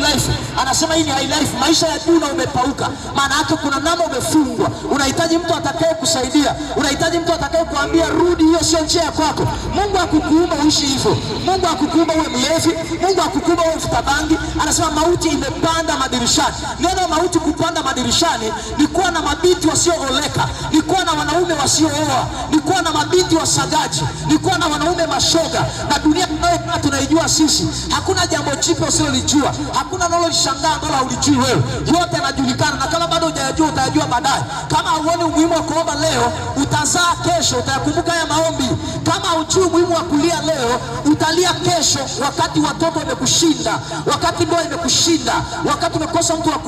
life. Anasema hii ni high life. Maisha ya juu na umepauka, maana yake kuna namna umefungwa. Unahitaji mtu atakaye kusaidia, unahitaji mtu atakaye kuambia rudi, hiyo sio njia ya kwako. Mungu akukuumba uishi hivyo. Mungu akukuumba uwe mlevi, Mungu akukuumba uwe mvuta bangi. Anasema mauti imepanda madirishani. Neno mauti kupanda madirishani ni kuwa na mabinti wasiooleka, ni kuwa na wanaume wasiooa, ni kuwa na mabinti wasagaji, ni kuwa na wanaume mashoga. Na dunia tunaijua sisi, hakuna jambo jipya usilolijua hakuna nalolishangaa ambalo haulijui wewe, yote yanajulikana, na kama bado hujayajua utayajua baadaye. Kama hauoni umuhimu wa kuomba leo, utazaa kesho, utayakumbuka haya maombi uchui umuhimu wa kulia leo, utalia kesho, wakati watoto wamekushinda, wakati ndoa imekushinda, wakati umekosa mtu wa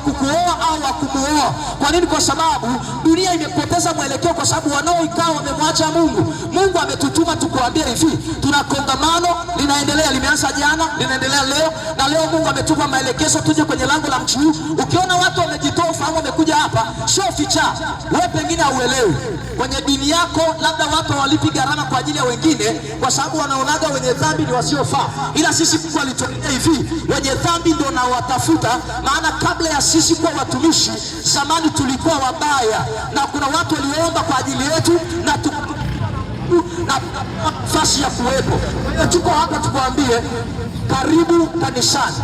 kukuoa au wa kumuoa. Kwa nini? Kwa sababu dunia imepoteza mwelekeo, kwa sababu wanaoikaa wamemwacha Mungu. Mungu ametutuma tukuambie hivi, tuna kongamano linaendelea, limeanza jana, linaendelea leo na leo. Mungu ametupa maelekezo, tuje kwenye lango la mchi. Ukiona watu wamejitoa ufahamu, wamekuja hapa sio tofauti wewe, pengine hauelewi kwenye dini yako, labda watu hawalipi gharama kwa ajili ya wengine, kwa sababu wanaonaga wenye dhambi ni wasiofaa. Ila sisi Mungu alituambia hivi, wenye dhambi ndio nawatafuta. Maana kabla ya sisi kuwa watumishi, zamani tulikuwa wabaya, na kuna watu waliomba kwa ajili yetu na tuk karibu na nafasi ya kuwepo. Kwa hiyo tuko hapa tukwambie karibu kanisani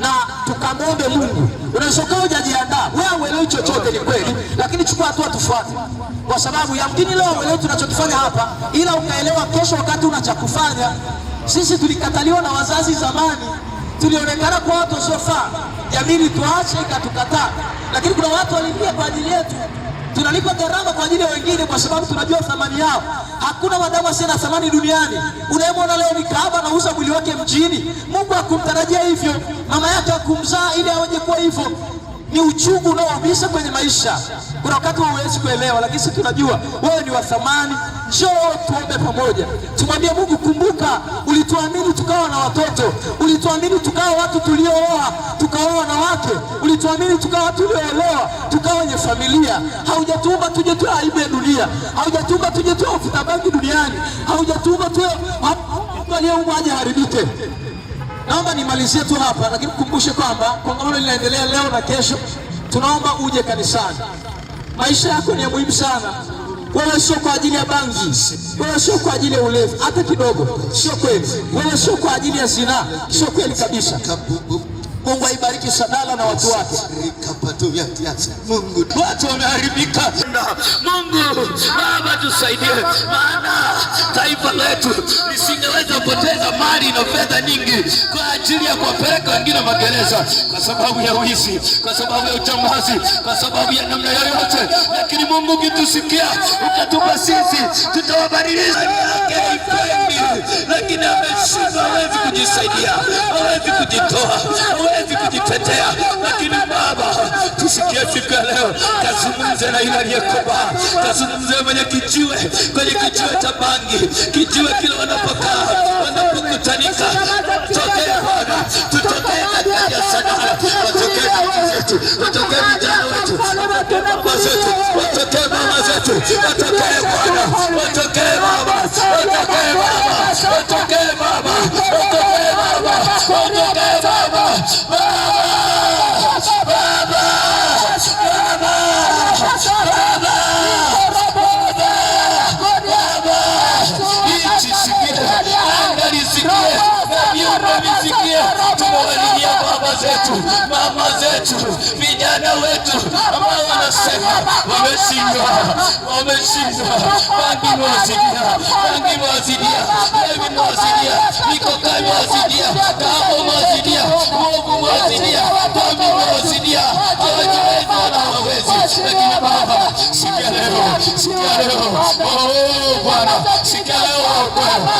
na tukamwombe Mungu. Unaweza ukawa hujajiandaa wewe, uelewi chochote, ni kweli, lakini chukua hatua, tufuate, kwa sababu yamkini leo uelewi tunachokifanya hapa, ila ukaelewa kesho wakati una cha kufanya. Sisi tulikataliwa na wazazi zamani, tulionekana kwa watu wasiofaa, jamii tuache ikatukataa, lakini kuna watu waliingia kwa ajili yetu tunalipa gharama kwa ajili ya wengine, kwa sababu tunajua thamani yao. Hakuna mwanadamu asiye na thamani duniani. Unayemwona leo ni kahaba, anauza mwili wake mjini. Mungu akumtarajia hivyo, mama yake akumzaa ili aweje kuwa hivyo ni uchungu unaobisha kwenye maisha. Kuna wakati huwezi kuelewa, lakini sisi tunajua wewe ni wa thamani. Njoo tuombe pamoja, tumwambie Mungu, kumbuka ulituamini tukawa na watoto, ulituamini tukawa watu tuliooa, tukaoa na wake, ulituamini tukawa watu tulioelewa, tukawa wenye familia. Haujatuumba tuje tu aibu ya dunia, haujatuumba tuje tu wavuta duniani, haujatuumba tu aliyeumbwa aje haribike. Naomba nimalizie tu hapa, lakini kukumbushe kwamba kongamano linaendelea leo na kesho. Tunaomba uje kanisani. Maisha yako ni ya muhimu sana. Wewe sio kwa ajili ya bangi, wewe sio kwa ajili ya ulevi hata kidogo, sio kweli. Wewe sio kwa ajili ya zinaa, sio kweli kabisa. Mungu aibariki Sadala na watu wake. Mungu watu wameharibika. Bwana Mungu Baba, tusaidie, maana taifa letu lisingeweza kupoteza mali na fedha nyingi kwa ajili ya kuwapeleka wengine magereza kwa sababu ya wizi, kwa sababu ya uchambazi kwa sababu ya namna yoyote, lakini Mungu ukitusikia, ukatupa sisi, tutawabadilisha lakini ameshindwa, hawezi kujisaidia, hawezi kujitoa, hawezi kujitetea ya leo, kazungumze na yule aliyekomaa, kazungumze mwenye kijiwe kwenye kijiwe cha bangi, kijiwe kile wanapokaa wanapokutanika zetu, mama zetu, vijana wetu ambao wanasema wameshindwa, wameshindwa, bangi imewazidia, bangi imewazidia, levi imewazidia, mikoka mwazidia, kahawa mwazidia, mwogu mwazidia, dhambi mwazidia, hawajiwezi wala hawawezi. Lakini Baba, sikia leo, sikia leo, oh Bwana, sikia leo, Bwana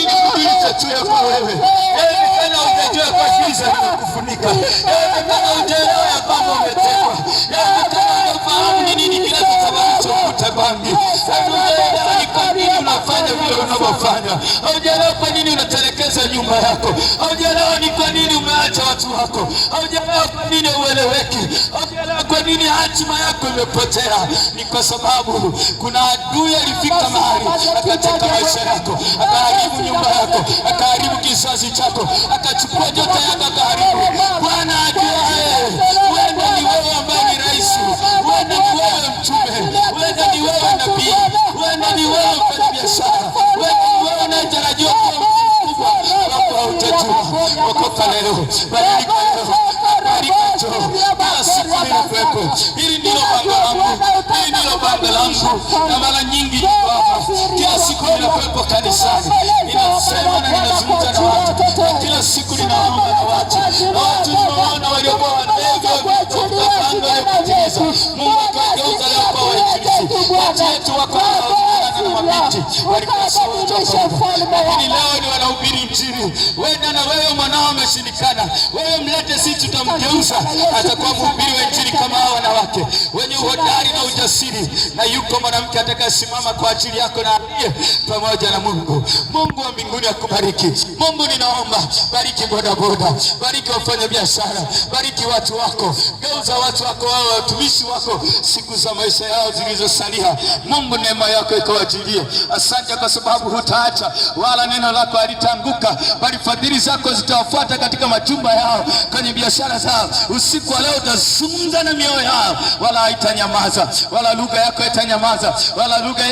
yako wewe. Ewe kana utajua kwa giza kukufunika. Ewe kana utaelewa ya kwamba umetekwa. Ewe kana unafahamu ni nini kinachosababisha utabani unafanya vile unavyofanya. Haujaelewa kwa nini unaterekeza nyumba yako. Haujaelewa ni kwa nini umeacha watu wako. Haujaelewa kwa nini haueleweki. Haujaelewa kwa nini hatima yako imepotea. Ni kwa sababu kuna adui alifika mahali akateka maisha yako, akaharibu nyumba yako, akaharibu kizazi chako, akachukua joto yako, akaharibu Bwana langu, hili ndilo panga langu, hili ndilo panga langu. Na mara nyingi Baba, kila siku ninapepo kanisani, ninasema na ninazungumza na watu, na kila siku ninaomba na watu na watu nchi, walikuwa ufalme leo ni wanahubiri Injili. Wenda na wewe mwanao ameshindikana, wewe mlete, si tutamgeuza, atakuwa mhubiri wa Injili kama hao wanawake wenye uhodari na ujasiri. Na yuko mwanamke atakayesimama kwa ajili yako na aliye pamoja na Mungu. Mungu wa mbinguni akubariki. Mungu, ninaomba bariki bodaboda, bariki wafanyabiashara, bariki watu wako, geuza watu wako wao, watumishi wako, siku za maisha yao zilizosalia. Mungu, neema yako ikawajilie. Asante kwa sababu hutaacha wala neno lako halitanguka, bali fadhili zako zitawafuata katika majumba yao, kwenye biashara zao. Usiku wa leo utazungumza na mioyo yao, wala haitanyamaza, wala lugha yako haitanyamaza, wala lugha yetu